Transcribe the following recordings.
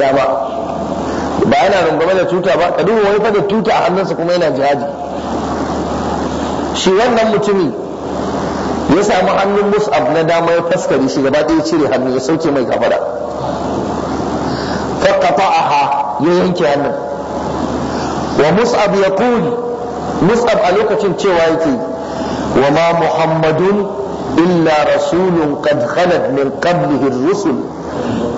dama ba yana rungume da tuta ba ka duba wani da tuta a hannunsa kuma yana jihadi shi wannan mutumi ya samu hannun mus'ab na dama ya faskari shi gaba ɗaya cire hannu ya sauke mai a ha ya yanke hannun wa mus'ab ya kuli mus'ab a lokacin cewa yake wa ma muhammadun illa rasulun qad min qablihi ar-rusul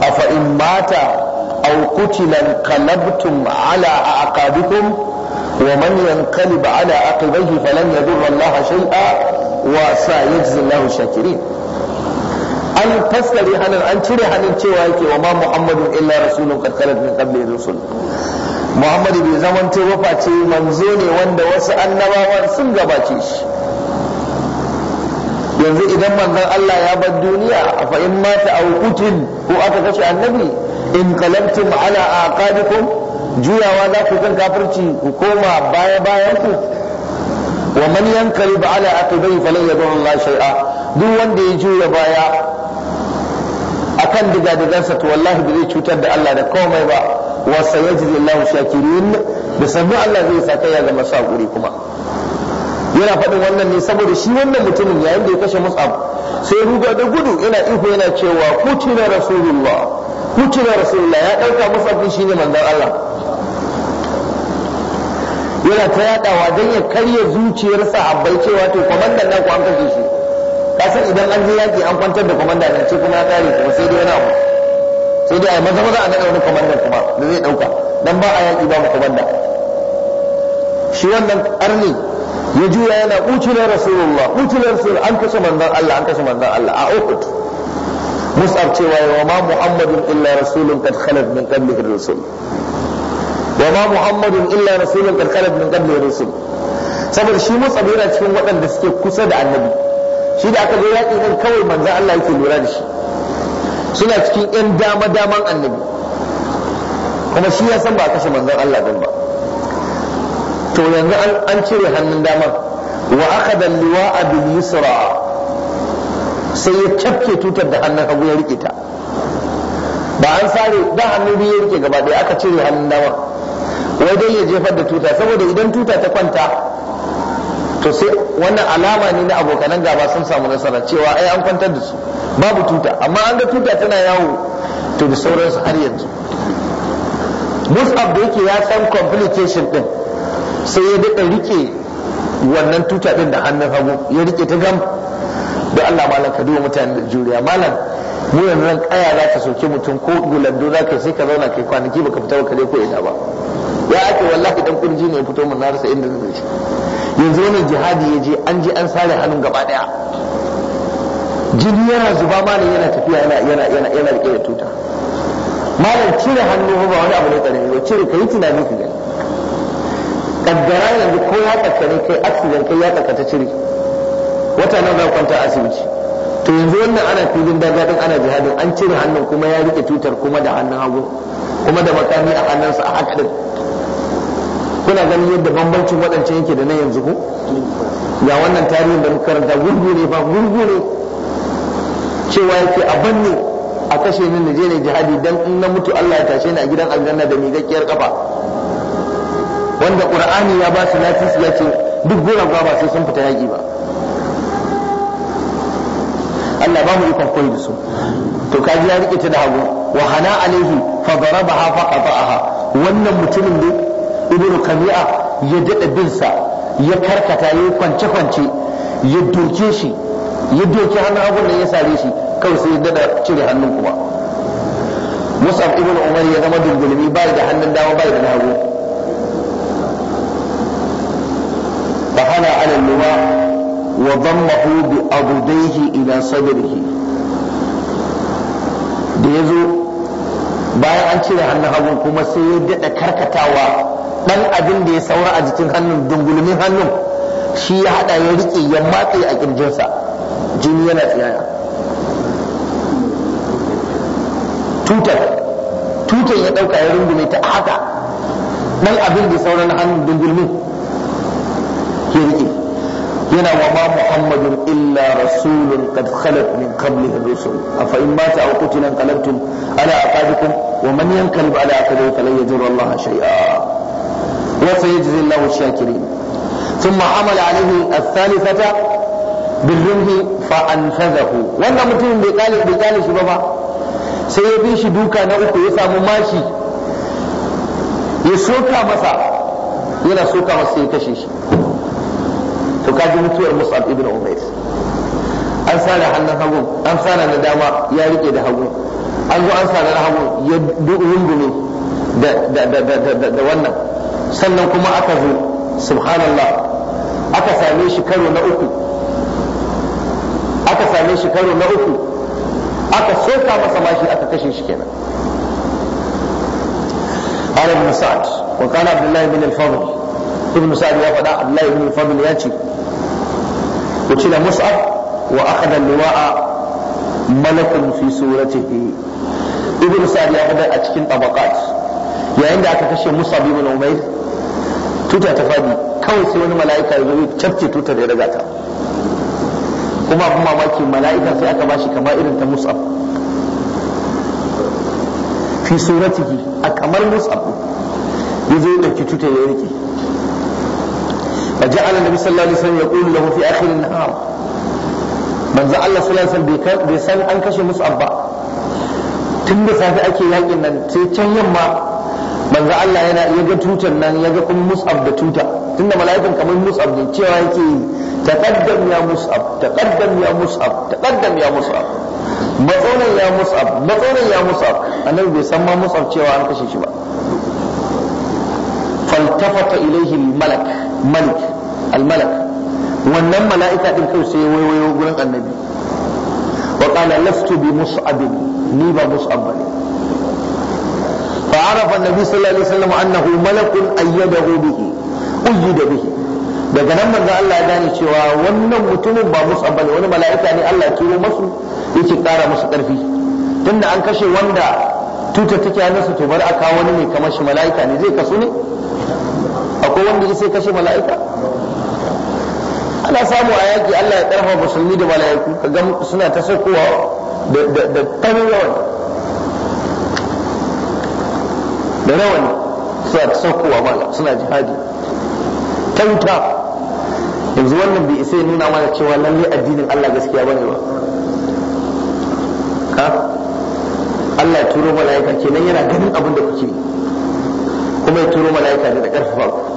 afa mata أو قتل a على أعقابكم ومن ينقلب على عقبيه فلن يضر wasa شيئا وسيجزي الله الشاكرين an fassari hannun an cire hannun cewa yake wa ma muhammadun illa rasulun karkarar min qabli rusul muhammadu bai zaman ba ce manzo ne wanda wasu annabawan sun gabace shi yanzu idan manzon Allah ya bar duniya a fa'in mata a hukutin ko aka kashe annabi in qalabtum ala aqabikum juyawa za ku kan kafirci ku koma baya bayan ku wa man yanqalib ala aqibai falan yadurra Allah shay'a duk wanda ya juya baya akan digadigansa to wallahi ba zai cutar da Allah da komai ba wa sayajzi Allah shakirin da sannu Allah zai saka ya ga masu hakuri kuma yana faɗin wannan ne saboda shi wannan mutumin yayin da ya kashe mus'ab sai ruga da gudu yana ihu yana cewa kutina rasulullah kucinar rasulullah ya ɗauka musafin shi ne manzan Allah yana ta yaɗawa don ya karya zuciyar sahabbai cewa to kwamandan nan ku an kashe shi kasan idan an je yaƙi an kwantar da kwamandan nan ce kuma ya kare kuma sai dai wani abu sai dai a maza maza a naɗa wani kwamandan kuma da zai ɗauka dan ba a yaƙi ba mu kwamandan. shi wannan arni ya juya yana kucinar rasulullah kucinar rasulullah an kashe manzan Allah an kashe manzan Allah a Uhud mus'ab cewa ya ma muhammadun illa rasulun kad khalat min qablihi rusul wa ma muhammadun illa rasulun kad khalat min qablihi rusul saboda shi mus'ab yana cikin waɗanda suke kusa da annabi shi da aka zo yaƙi din kawai manzo Allah yake lura da shi suna cikin yan dama daman annabi kuma shi ya san ba kashe manzon Allah din ba to yanzu an cire hannun damar wa aka akhadha a bil yusra sai ya cafke tutar da hannun hagu ya rike ta ba an sare da hannun biyu ya rike gaba daya aka cire hannun dama wai dai ya jefar da tuta saboda idan tuta ta kwanta to sai wannan alama ne na abokanan gaba sun samu nasara cewa ai an kwantar da su babu tuta amma an ga tuta tana yawo to da sauransu har yanzu mus'ab da yake ya san complication din sai ya daɗa rike wannan tuta din da hannun hagu ya rike ta gam don Allah malam ka duba mutane da juriya malam mu yanzu nan kaya za ka soke mutum ko gulando za ka sai ka zauna kai kwanaki baka fita ba ka je ko ina ba ya ake wallahi dan kurji ne ya fito mun na rasa inda zai ci yanzu wannan jihadi ya je an je an sare hannun gaba daya jini yana zuba malam yana tafiya yana yana yana yana rike da tuta malam cire hannu ba wani abu ne karami ba cire kai tunani ka gani kaddara yanzu ko ya tsakane kai aksijen kai ya tsakata cire wata nan za kwanta a asibiti to yanzu wannan ana filin dagadin ana jihadin an cire hannun kuma ya rike tutar kuma da hannun hagu kuma da makami a hannunsa a haka din kuna ganin yadda bambancin waɗancan yake da na yanzu ku? ga wannan tarihin da muka karanta gurgu ne ba gurgu ne cewa yake a banne a kashe ni na je ne jihadi dan in na mutu Allah ya tashe ni a gidan aljanna da migakkiyar kafa wanda qur'ani ya ba su lafiya ya ce duk gura ba sai sun fita yaƙi ba Allah ba mu ikon koyi da su to kaji ya rike ta da hagu wa hana alaihi fa darabaha fa qata'aha wannan mutumin da ibnu kami'a ya dada bin sa ya karkata ya kwance kwance ya doke shi ya doke hannun hagun nan ya sare shi kawai sai ya dada cire hannun kuma musab ibnu umar ya zama dungulmi ba da hannun dama ba da hagu fa hana ala luma وضمه بأبديه إلى صدره da ya zo bayan an cire hannun hagun kuma sai ya daɗa karkatawa ɗan abin da ya saura a jikin hannun dungulmin hannun shi ya haɗa ya riƙe ya matse a ƙirjinsa jini yana tsiyaya tutar ya ɗauka ya rungume ta haka ɗan abin da ya saura na hannun dungulmin ya riƙe yana wa ma muhammadun illa rasulun qad khalat min qablihi rusul afa in mata aw qutila qalabtum ala aqabikum wa man yanqalib ala aqabihi falan yadurra Allah shay'a wa sayajzi Allahu ash-shakirin فأنفذه وانا متين بقال بقال شبابا سيبي دوكا na uku ya samu mashi ya soka masa yana soka masa sai ya kashe shi to kaji mutuwar mus'ab ibn umair an sare hannun hagu, an sare na dama ya rike da hagu an zo an sare na hagun ya rungume da wannan sannan kuma aka zo subhanallah aka same shi karo na uku aka same shi karo na uku aka soka masa mashi aka kashe shi kenan قال ابن سعد وقال عبد الله بن الفضل ابن سعد يا فدا عبد الله بن الفضل ياتي وشيل مصعب وأخذ اللواء ملك في سورته ابن سعد يأخذ أتكين طبقات يعني عند أكتشي مصعب بن عمير tuta ta fadi kawai sai wani mala'ika ya zo ya tutar ya daga ta kuma abin mamaki mala'ika sai aka bashi kama irin ta mus'ab fi suratihi a kamar mus'ab ya zo ya ɗauki tutar ya rike فجعل النبي صلى الله عليه وسلم يقول له في آخر النهار من زعل الله صلى الله عليه وسلم بيسان أنكش مصعب tun da safe ake yakin nan sai can yamma manzo Allah yana ya ga tutar nan ya ga kuma mus'ab da tuta tunda mala'ikan kamar mus'ab ne cewa yake taqaddam ya mus'ab taqaddam ya mus'ab taqaddam ya mus'ab matsonin ya mus'ab matsonin ya mus'ab annabi bai san ma mus'ab cewa an kashe shi ba faltafata ilaihi malik almalak wannan mala'ika din kai sai waiwayo gurin annabi wa qala lastu bi mus'ab ni ba mus'ab bane fa arafa annabi sallallahu alaihi wasallam annahu malakun ayyadahu daga nan manzo Allah ya gane cewa wannan mutumin ba musu bane wani mala'ika ne Allah ya turo masu yake kara musu karfi tunda an kashe wanda tuta take hannunsa to bar aka wani ne kamar shi mala'ika ne zai kasu ne akwai wanda sai kashe mala'ika ana samu a yaki Allah ya karfa musulmi da malayaku ka ga suna ta sakowa da farin yawan da rawani suna ta sakowa mala suna jihadi ta wuta yanzu wannan bai isa ya nuna mana cewa lalle addinin Allah gaskiya bane ba ka Allah ya turo mala'ika kenan yana ganin abin da kuke kuma ya turo malayaka ne da karfafa ku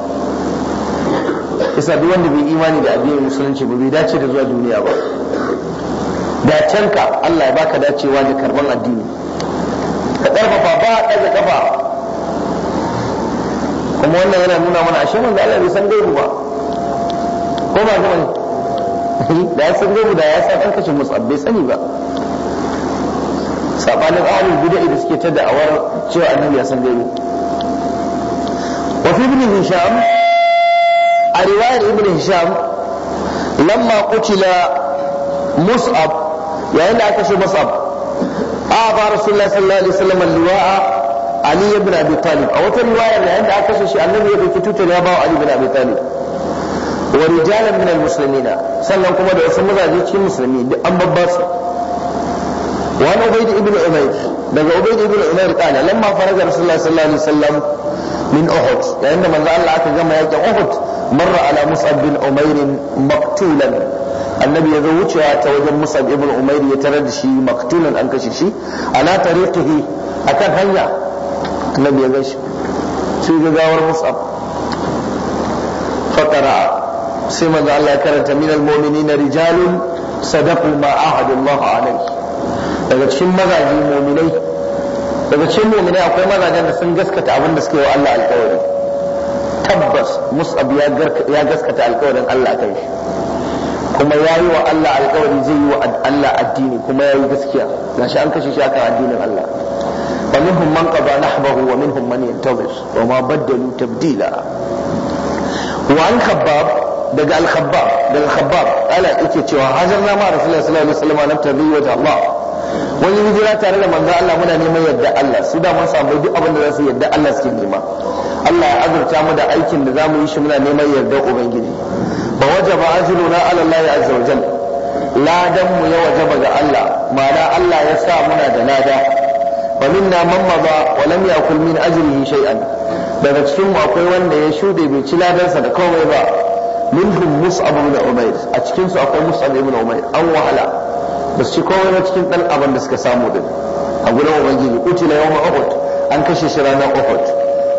isa duk wanda bai imani da addinin musulunci ba bai dace da zuwa duniya ba da canka Allah ya baka dacewa da karban addini ka karfafa ba da kafa kuma wannan yana nuna mana ashe manzo Allah bai san gaibu ba ko ba ga ne? da ya san gaibu da ya san karkashin musab bai sani ba sabanin ahlul bid'ah da suke ta da'awar cewa annabi ya san gaibu wa fi ibn hisham a riwayar ibn hisham lamma Kucila mus'ab yayin da aka shi mus'ab a ba rasulullahi sallallahu alaihi wasallam liwa'a ali ibn abi talib a wata riwayar yayin da aka shi shi annabi ya dauki tutar ya bawa ali ibn abi talib wa rijalan min almuslimina sannan kuma da wasu mazaje cikin musulmi duk an babbasu وعن عبيد Ibn عمير daga عبيد Ibn عمير قال Lamma فرج رسول الله صلى الله min Uhud yayin da manzo Allah aka gama yaki Uhud marra ala Mus'ab bin Umair maktulan annabi ya zo wucewa ta wajen Mus'ab ibn Umair ya tara da shi maktulan an kashe shi ala tariqihi akan hanya annabi ya gashi sai gawar Mus'ab fakara sai manzo Allah ya karanta minal mu'minina rijalun sadaqu ma ahadullah daga cikin mazaji mu'minai daga cikin mu'minai akwai mazajen da sun gaskata abin da suke wa Allah alkawari tabbas mus'ab ya gaskata alkawarin Allah kai shi kuma ya yi wa Allah alkawari zai yi wa Allah addini kuma ya yi gaskiya gashi an kashe shi aka addinin Allah wa minhum man qada nahbahu wa minhum man yantazir wa ma baddalu tabdila wa an khabbab daga al-khabbab daga khabbab ala yake cewa na ma rasulullahi sallallahu alaihi wasallam nabtadi wa Allah mun yi hijira tare da manzo Allah muna neman yadda Allah su da mun samu duk abin da za su yadda Allah suke nema Allah ya azurta mu da aikin da za mu yi shi muna neman yarda ubangiji ba wajaba ajruna ala Allah azza wa jalla ladan mu ya ba ga Allah mana Allah ya sa muna da lada wa minna man madha wa lam yakul min ajrihi shay'an daga cikin akwai wanda ya shude bai ci ladansa da komai ba minhum mus'ab ibn umayr a cikin akwai mus'ab ibn umayr an wahala ba su ci komai ba cikin ɗan abin da suka samu din a gurin ubangiji utila yawma uhud an kashe shi ranar uhud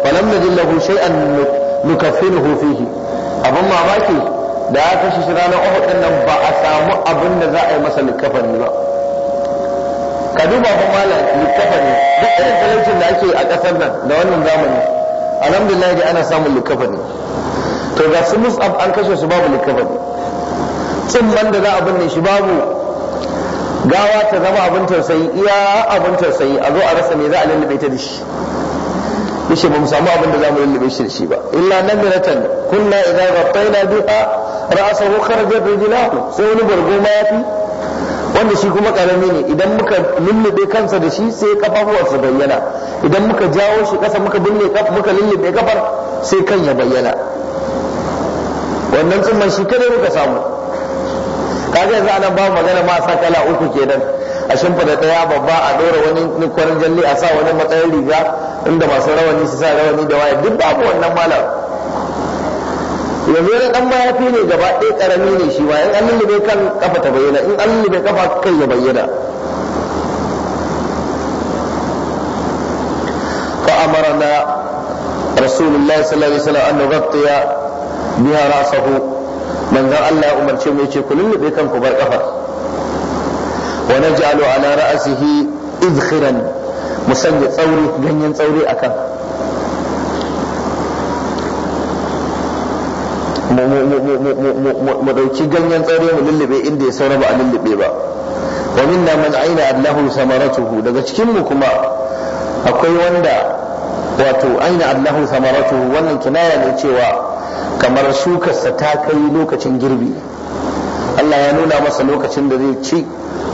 falam najid lahu shay'an nukaffinuhu hufihi abin mamaki da ya kashe shi ranar uhud din nan ba a samu abin da za a yi masa likafani ba ka duba fa malam likafani duk irin talaucin da ake a ƙasar nan da wannan zamani alhamdulillah dai ana samun likafani to ga su mus'ab an kashe su babu likafani man da za a binne shi babu gawa ta zama abin tausayi iya abin tausayi a zo a rasa me za a lullube ta da shi yace ba mu samu abin da za mu lullube shi da shi ba illa nan ratan kunna idza ghattayna biha ra'sahu kharajat rijlahu sai wani bargo ma fi. wanda shi kuma karami ne idan muka lullube kansa da shi sai su bayyana idan muka jawo shi kasa muka binne kafa muka lullube kafar sai kan ya bayyana wannan tsumman shi kada muka samu kaga yanzu anan babu magana ma sa kala uku kenan a shimfida daya babba a dora wani kwarin jalli a sa wani matsayin riga inda masu rawani su sa rawani da waya duk babu wannan malam yanzu yana dan mayafi ne gaba ɗaya karami ne shi ma in an lullube kan kafa ta bayyana in an lullube kafa kai ya bayyana fa amarna rasulullahi sallallahu alaihi wasallam an nughtiya biha ra'sahu manzon Allah ya umarce mu yace ku lullube kanku bar kafa wa naj'alu ala ra'sihi idkhiran mu sanya tsauri ganyen tsauri akan mu dauki ganyen tsauri mu lullube inda ya saura ba a lullube ba wa minna man aina allahu samaratuhu daga cikin mu kuma akwai wanda wato aina allahu samaratuhu wannan kinaya ne cewa kamar shukarsa ta kai lokacin girbi Allah ya nuna masa lokacin da zai ci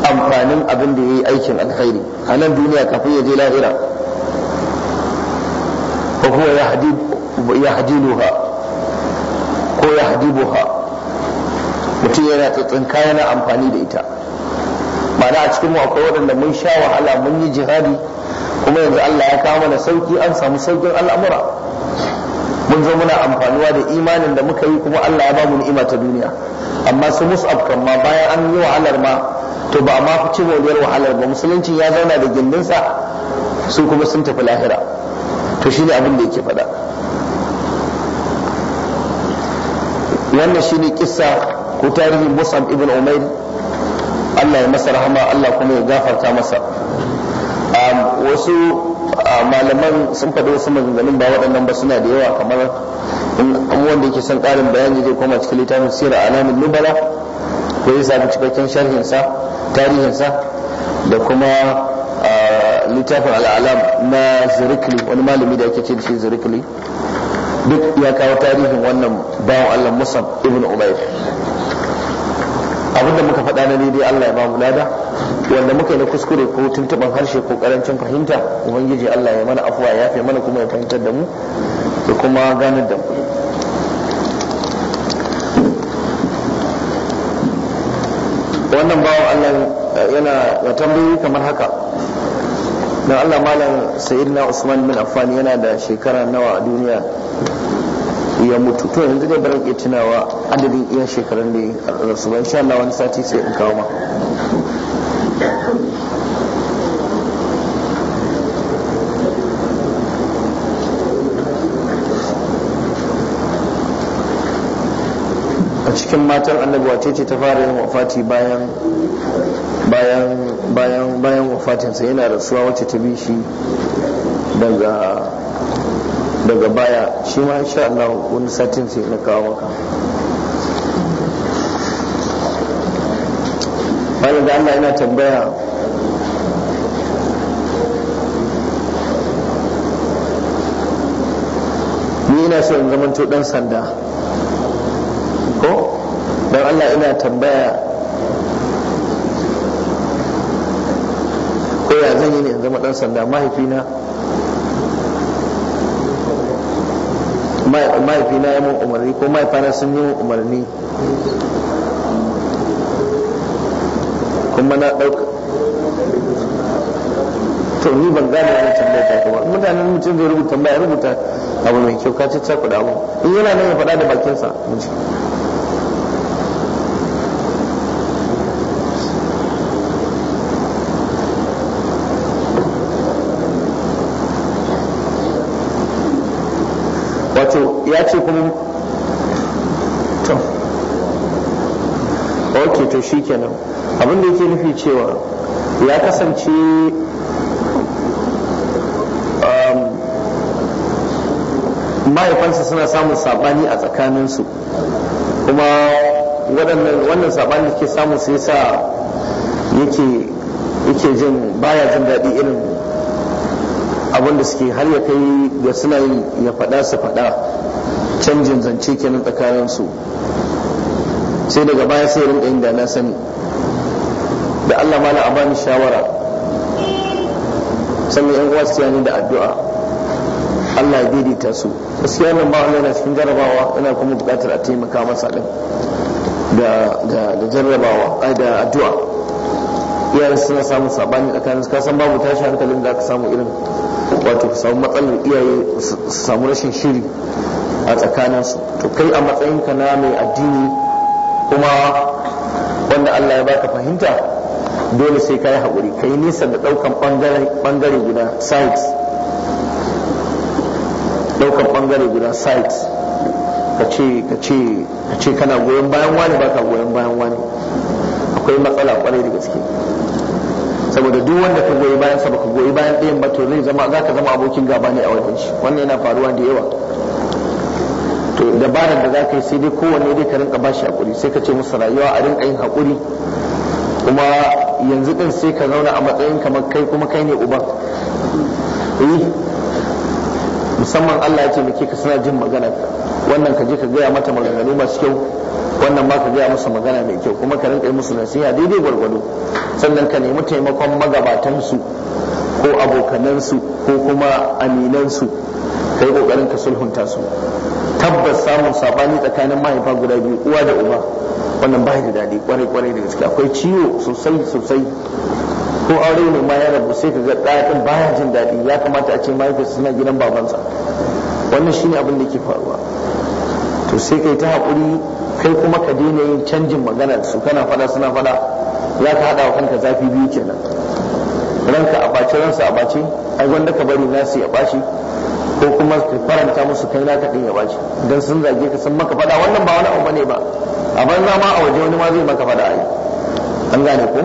amfanin abin da ya yi aikin alkhairi a nan duniya kafin ya je lahira ko ya hadiluha ko ya hadibuha mutum yana tsatsin kaya amfani da ita ma'ana a cikin akwai waɗanda mun sha wahala mun yi jihadi kuma yanzu Allah ya kawo mana sauki an samu saukin al'amura mun zo muna amfanuwa da imanin da muka yi kuma Allah ya ba mu ni'ima ta duniya amma su mus'ab kan ma bayan an yi wahalar ma to ba ma fi ci moriyar wahalar ba musulunci ya zauna da gindin sa su kuma sun tafi lahira to shine abin da yake faɗa wannan shine kissa ko tarihin mus'ab ibn umair Allah ya masa rahama Allah kuma ya gafarta masa wasu A malaman sun faɗi wasu maganganun ba waɗannan ba suna da yawa kamar wanda yake son ƙarin bayani zai koma cikin littafin a alamin nubala ko ya sami cikakken sharhinsa tarihinsa da kuma littafin al'alam na zirikli wani malami da ake ce da shi zirikli duk ya kawo tarihin wannan bawan allah musab ibn ubaid abinda muka faɗa na ne dai allah ya ba mu lada wanda muka yi na kuskure ko tuntuban harshe ko karancin fahimta ubangiji Allah ya mana afuwa ya fi mana kuma ya fahimtar da mu da kuma ganar da mu wannan bawan Allah yana da tambayoyi kamar haka dan Allah malam sayyidina Usman bin afani yana da shekara nawa a duniya ya mutu to yanzu dai barin iya tunawa adadin iya shekarun da ya rasu ba sha Allah wani sati sai in kawo ma a cikin matan annabi wace ce ta fara yin wafati bayan bayan bayan bayan wafatinsa yana rasuwa wacce ta bi shi daga baya shi ma insha Allah wani satin sai na kawo maka malam da Allah yana tambaya ni ina so in to dan sanda ko dan Allah ina tambaya ko ya zan yi ne in zama dan sanda mahaifina mahaifina ya mun umarni ko mahaifana sun yi mun umarni kuma na ɗauka to ni ban gane wani tambaya ta ba mutanen mutum zai rubuta tambaya rubuta abu mai kyau ka cicca kuɗa abu in yana nan ya faɗa da bakinsa mu wato ya ce kuma shi kenan abin da yake nufi cewa ya kasance um, mahaifansa suna samun sabani a tsakaninsu kuma wannan sabani da ke samun sai sa yake yake jin baya jin daɗi irin abin da suke har ya kai ga suna yi ya faɗa su faɗa canjin zance kenan tsakaninsu sai daga baya sai rinka yin da na sani da Allah ma a bani shawara sannan yan uwa su ni da addu'a Allah ya daidaita su gaskiya nan ba Allah yana cikin jarabawa yana kuma bukatar a taimaka masa din da da jarabawa ai da addu'a iyayen suna samun sabani tsakanin ka san babu tashi hankalin da aka samu irin wato ku samu matsalar iyaye su samu rashin shiri a tsakaninsu to kai a matsayinka na mai addini kuma wanda Allah ya baka fahimta dole sai ka yi haƙuri ka yi nisa da ɗaukan ɓangare guda sites ɗaukan ɓangare guda sites ka ce kana goyon bayan wani baka goyon bayan wani akwai matsala kwarai da gaske saboda duk wanda ka goyi bayan sa baka goyi bayan ɗayan ba to zai zama za ka zama abokin gaba ne a wajen shi wannan yana faruwa da yawa to dabarar da za ka yi sai dai kowanne dai ka rinka bashi hakuri sai ka ce musu rayuwa a rinka yin hakuri kuma yanzu din sai ka zauna a matsayin kamar kai kuma kai ne uban eh, musamman Allah ya ce muke ka suna jin magana wannan ka je ka gaya mata maganganu masu kyau wannan ma ka gaya masa magana mai kyau kuma ka rinka yi musu nasiha daidai gwargwado sannan ka nemi taimakon magabatansu ko abokanansu ko kuma aminansu ka yi ƙoƙarin ka sulhunta su tabbas samun sabani tsakanin mahaifa guda biyu uwa da uba wannan ba da daɗi kwarai kwarai da gaske akwai ciwo sosai sosai ko aure ne ma ya rabu sai ka ga ɗayan baya jin daɗi ya kamata a ce mahaifa suna gidan babansa wannan shine abin da ke faruwa to sai kai ta haƙuri kai kuma ka daina yin canjin magana su kana fada suna fada za ka haɗa wa kanka zafi biyu kenan ranka a ɓace ransa a ɓace ai wanda ka bari nasu ya ɓace ko kuma su faranta musu kai na din ya bace don sun zage ka sun maka fada wannan ba wani abu bane ba a banza ma a waje wani ma zai maka fada ai an gane ko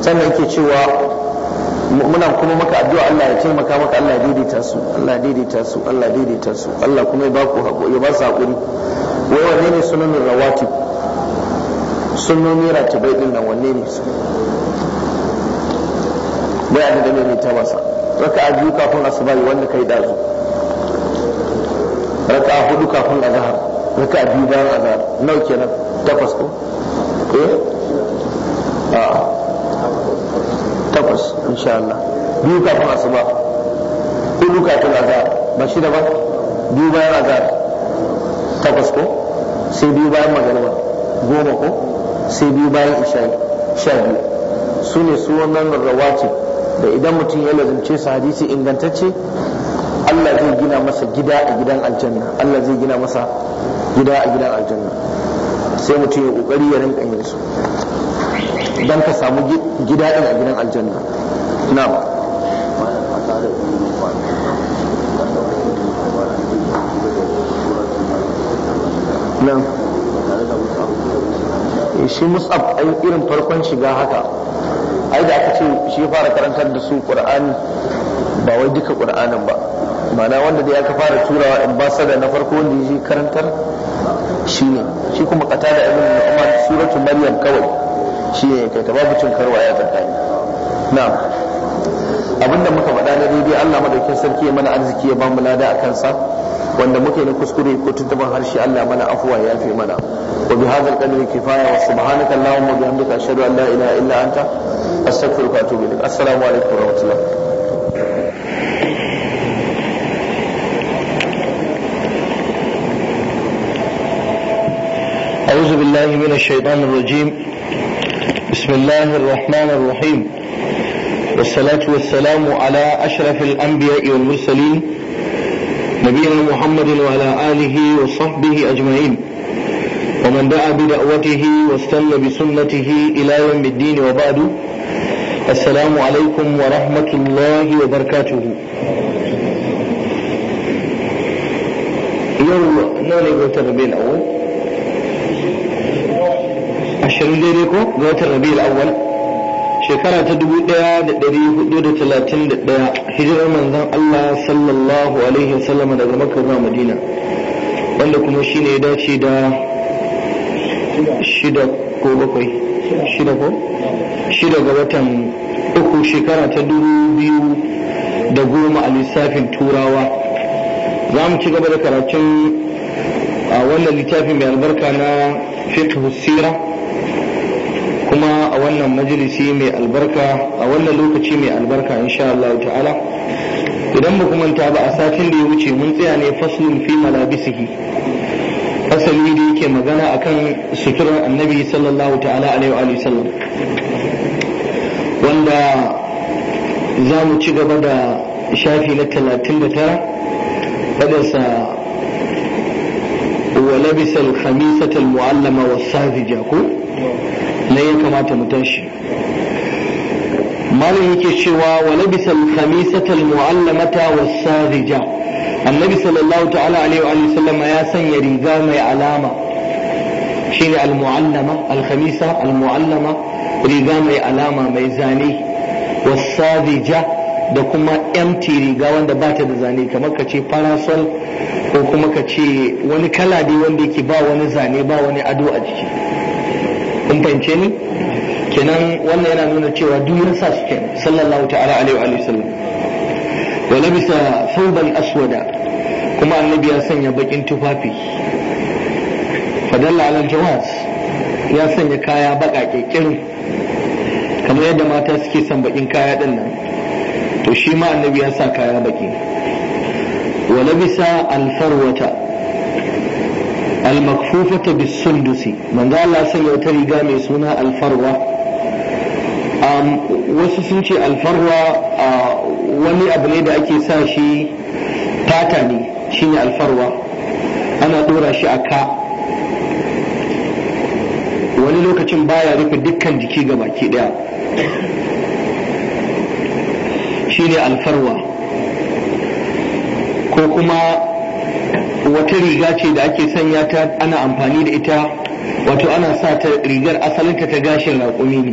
sannan yake cewa muna kuma maka addu'a Allah ya taimaka maka Allah ya daidaita su Allah ya daidaita su Allah ya daidaita su Allah kuma ya ba ku ya ba su hakuri wai wanne ne sunan rawatib sunnoni ratibai din nan wanne ne su bai da mai mai ta masa raka biyu kafin asuba wanda kai dazu raka a hudu kafin azhar raka a biyu bayan azhar nau kenan takwas ko eh a ah. takwas insha Allah biyu kafin asuba hudu kafin azhar ba da ba biyu bayan azhar takwas ko sai biyu bayan magariba goma ko sai biyu bayan isha sha biyu su ne su wannan rawacin da idan mutum ya lazumce su hadisi ingantacce Allah zai gina masa gida a gidan aljanna Allah zai gina masa gida a gidan aljanna sai mutum ya kokari ya rinka yin su dan ka samu gida din a gidan aljanna na'am nan eh, shi musab irin farkon shiga haka ai da aka ce shi fara karantar da su qur'ani ba wai duka qur'anin ba mana wanda da aka fara turawa ambassador na farko wanda ya karantar shi ne shi kuma kata da ibn umar suratu maryam kawai shi ne kai ta babu cin karwa ya tsakani na'am abinda muka faɗa na daidai Allah madaukakin sarki ya mana arziki ya bamu lada a kansa wanda muke na kuskure ko tuntuban harshe Allah mana afuwa ya fi mana wa bi hadha al-qadri kifaya wa subhanaka allahumma wa bihamdika ashhadu an la ilaha illa anta astaghfiruka wa atubu ilaik assalamu alaikum wa rahmatullah أعوذ بالله من الشيطان الرجيم بسم الله الرحمن الرحيم والصلاة والسلام على أشرف الأنبياء والمرسلين نبينا محمد وعلى آله وصحبه أجمعين ومن دعا بدعوته واستنى بسنته إلى يوم الدين وبعد السلام عليكم ورحمة الله وبركاته يوم نوني قوت الربيع الأول عشرين ديريكو قوت الربيع الأول shekara ta dubu ɗaya da ɗari hudu da talatin da ɗaya hijirar manzon Allah sallallahu alaihi wasallam daga Makka zuwa Madina wanda kuma shine ya dace da shida ko bakwai shida ga watan uku shekara ta dubu biyu da goma a lissafin turawa za mu ci gaba da karatun a wannan littafin mai albarka na fiqh sira kuma a wannan majalisi mai albarka a wannan lokaci mai albarka insha Allah ta'ala idan ba manta ba a satin da ya wuce mun tsaya ne faslun fi malabisihi fasali da yake magana akan suturar annabi sallallahu ta'ala alaihi wa sallam wanda za mu ci gaba da shafi na talatin da tara fadarsa wa labisa al-khamisata al-mu'allama wa safija ko na ya kamata mu tashi malam yake cewa wa labisa al-khamisata al-mu'allamata wa safija annabi sallallahu ta'ala alaihi wa sallam ya sanya riga mai alama shine al-mu'allama al-khamisa al-mu'allama riga mai alama mai zane wasabija da kuma empty riga wanda bata da zane kamar ka ce parasol ko kuma ka ce wani kala dai wanda yake ba wani zane ba wani ado a jiki kun fahimce ni kenan wannan yana nuna cewa duk ya sa su kenan sallallahu ta'ala alaihi wa sallam wa labisa thawban aswada kuma annabi ya sanya bakin tufafi fadalla ala jawaz ya sanya kaya baka kekin kamar yadda mata suke son bakin kaya din nan to shi ma annabi ya sa kaya baki wa labisa alfarwata almakfufata bisundusi manzo Allah sanya wata riga mai suna alfarwa wasu sun ce alfarwa wani abu ne da ake sa shi fata ne shine alfarwa ana dora shi a ka wani lokacin baya rufe dukkan jiki ga baki daya ne alfarwa ko kuma wata riga ce da ake sanya ta ana amfani da ita wato ana sa ta rigar asalin ta gashin raƙumi ne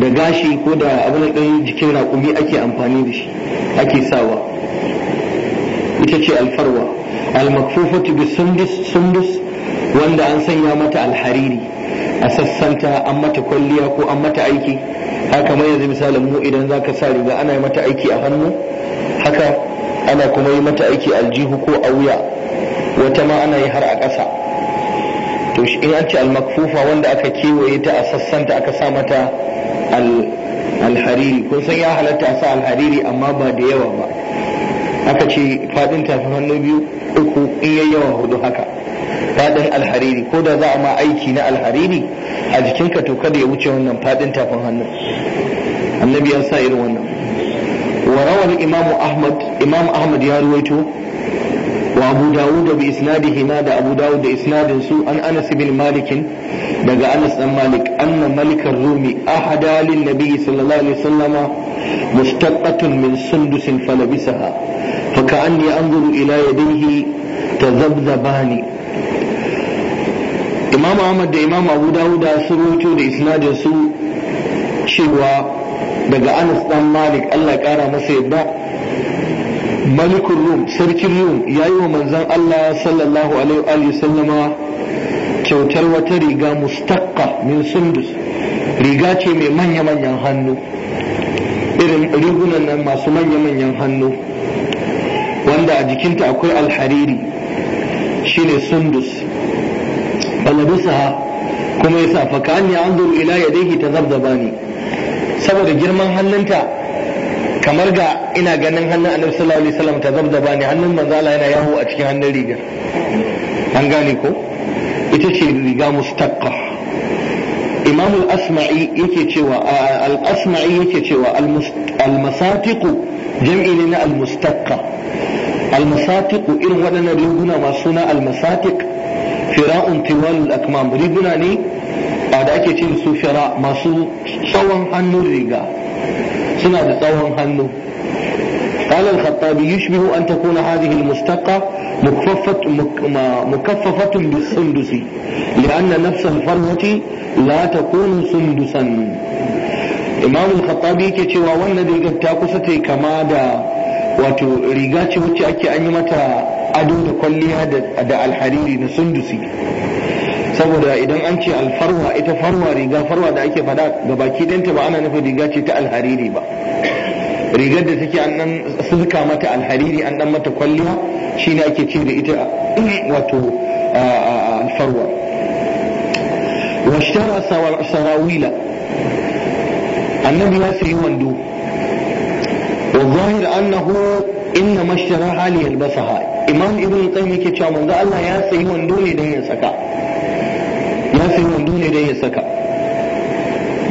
da gashi ko da abin ɗin jikin raƙumi ake amfani da shi ake sawa ita ce alfarwa al bi sundus sundus wanda an sanya mata alhariri a sassanta an mata kwalliya ko an mata aiki haka mai yanzu misalin mu idan za ka sa riga ana yi mata aiki a hannu haka ana kuma yi mata aiki a aljihu ko a wuya wata ma ana yi har a ƙasa to in an ce almakfufa wanda aka kewaye ta a sassanta aka sa mata alhariri kun san ya halatta a sa alhariri amma ba da yawa ba aka ce faɗin tafi hannu biyu uku in yawa hudu haka faɗin alhariri ko da za a ma aiki na alhariri a jikinka to kada ya wuce wannan faɗin tafin hannu annabi ya sa irin wannan wa rawal imamu ahmad imam ahmad ya ruwaito wa abu dawud bi isnadihi na da abu dawud da isnadin su an anas bin malik daga anas dan malik anna malik ar-rumi ahada lin nabi sallallahu alaihi wasallama mustaqqatun min sundusin falabisaha فكأني أنظر إلى يديه تذبذبان imamu ahmad da imamu abu dawuda sun rubuto da isnadin su cewa daga anas dan malik allah kara masa yadda malikul rum sarkin rum ya yi wa manzan allah sallallahu alaihi wa sallama kyautar wata riga mustaqqa min sundus riga ce mai manya-manyan hannu irin rigunan nan masu manya-manyan hannu wanda a jikinta akwai alhariri shine sundus falabisaha kuma yasa fa ka anni anzuru ila yadayhi tazabzabani saboda girman hannunta kamar ga ina ganin hannun annabi sallallahu alaihi wasallam tazabzabani hannun manzo Allah yana yawo a cikin hannun rigar an gane ko ita ce riga mustaqqa imam al-asma'i yake cewa al-asma'i yake cewa al-masatiqu jam'i ne na al-mustaqqa al-masatiqu irin waɗannan riguna masu na al-masatiq Fera in Tewar al ne? A da ake cin sufira, masu tsawon hannu riga suna da tsawon hannu. Tsalin khattabi Yushu biyu an tako na hali hilmastaƙa mu kaffa fatun dusun-dusun. Me Annan Imam al-khaɓɓabi yake cewa wannan rigar ta kusa ta kama da. Wato riga ce wacce ake anyi mata? ado da kwalliya da alhariri na sundusi saboda idan an ce alfarwa ita farwa riga farwa da ake faɗa ga baki danta ba ana nufin riga ce ta alhariri ba rigar da take an nan sirka mata alhariri an dan mata kwalliya shi ne ake ce da ita eh, wato alfarwa washtara sarawila annabi ya sayi wando wa zahir annahu inna mashara hali yalbasaha imam ibn qayyim yake cewa manzo Allah ya sayi wando ne dan ya saka ya sayi wando ne dan ya saka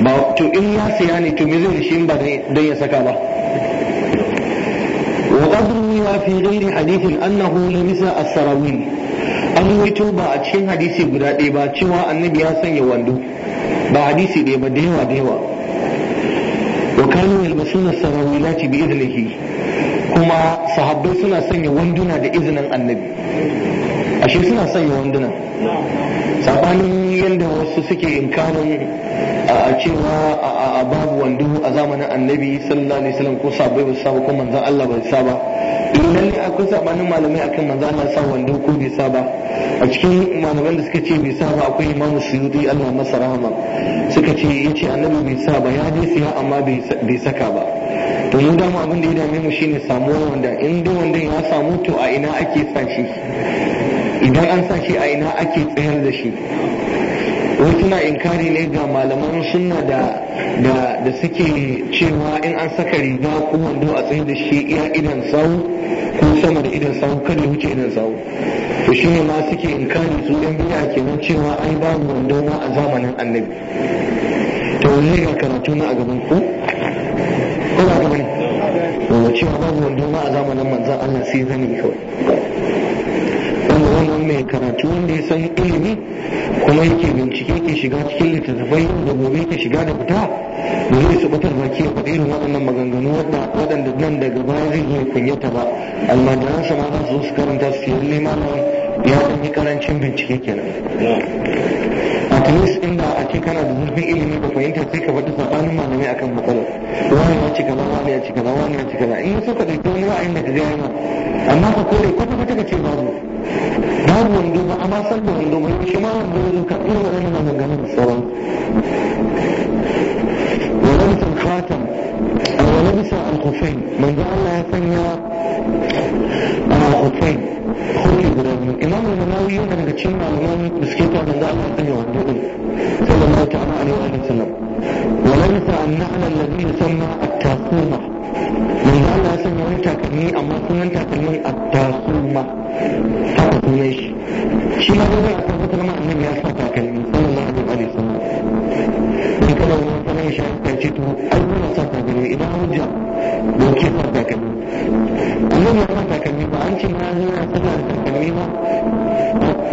ba to in ya saya ne to me zai shi ba dan ya saka ba وقد روي في غير حديث أنه لبس Sarawin? an waito ba a cikin hadisi guda ɗaya ba cewa annabi ya sanya wando ba hadisi ɗaya ba da yawa da yawa wa kanu yalbasuna sarawilati bi idlihi kuma sahabbai suna sanya wanduna da izinin annabi ashe suna sanya wanduna sabanin yadda wasu suke inkarin a cewa a babu wando a zamanin annabi sallallahu alaihi wasallam ko sabai ba saba ko manzon Allah ba saba ne akwai sabanin malamai akan manzon Allah sa wando ko bai saba a cikin malaman da suka ce bai saba akwai imamu suyuti Allah masa rahama suka ce yace annabi bai saba ya dai siya amma bai saka ba to mu dama abin da ya dame mu shine samuwar wanda in wanda ya samu to a ina ake sa idan an sashi a ina ake tsayar da shi wasu na inkari ne ga malaman sunna da da suke cewa in an saka riga ko wando a tsaye da shi iya idan sawu ko sama da idan sawu kada wuce idan sawu to shi ne ma suke inkari su yan biya kenan cewa ai mu wando ma a zamanin annabi to ne ga karatu na a gaban ku wanda cewa babu wando ma a zamanin manzan Allah sai zani kawai wanda wannan mai karatu wanda ya san ilimi kuma yake bincike ke shiga cikin littattafai da gobe ke shiga da fita da zai su batar da ke faɗi irin waɗannan maganganu waɗanda nan daga baya zai iya kunyata ba almajiransa ma za su za su karanta su yi limanin ya ɗan yi ƙarancin bincike kenan at least inda a ce kana da zurfin ilimi ka fahimta sai ka faɗi sabanin malamai akan matsalar wani ya cika kaza wani ya cika kaza wani ya cika kaza in so ka ɗauki wani ra'ayin da ka ji yana amma ka kore kwata kwata ka ce babu babu wando ba amma san da wando ba shi ma wando ya zo ka ɗora wani na maganar sauran ولبس الخاتم أو لبس الخفين من جعل ya يسمى انا خطفان خطي برامي امام المناوي انا كتشين مع الامام مسكيته عن الله الحسن صلى الله عليه وآله وسلم وليس النعل الذي يسمى التاقومة من ذا الله سنة اما سنة كلمي التاقومة فقط ليش شيء ما بدأ أتفت لما صلى الله عليه وسلم وكذا الله تعالى يشاهد تلتته أول صفحة إذا رجع doki ba takalmi amma ba sa takalmi ba an ce na zo yana sallah da takalmi ba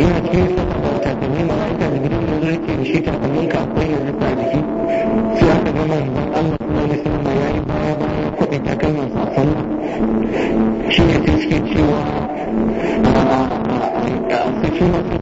yana cikin sallah ba takalmi ba ai takalmi da zo yake shi takalmin ka akwai ya rufa jiki sai aka ga manzon Allah kuma ya sallama yayi baya baya kuɗin takalman sa sallah shi ne sai suke cewa a cikin wasu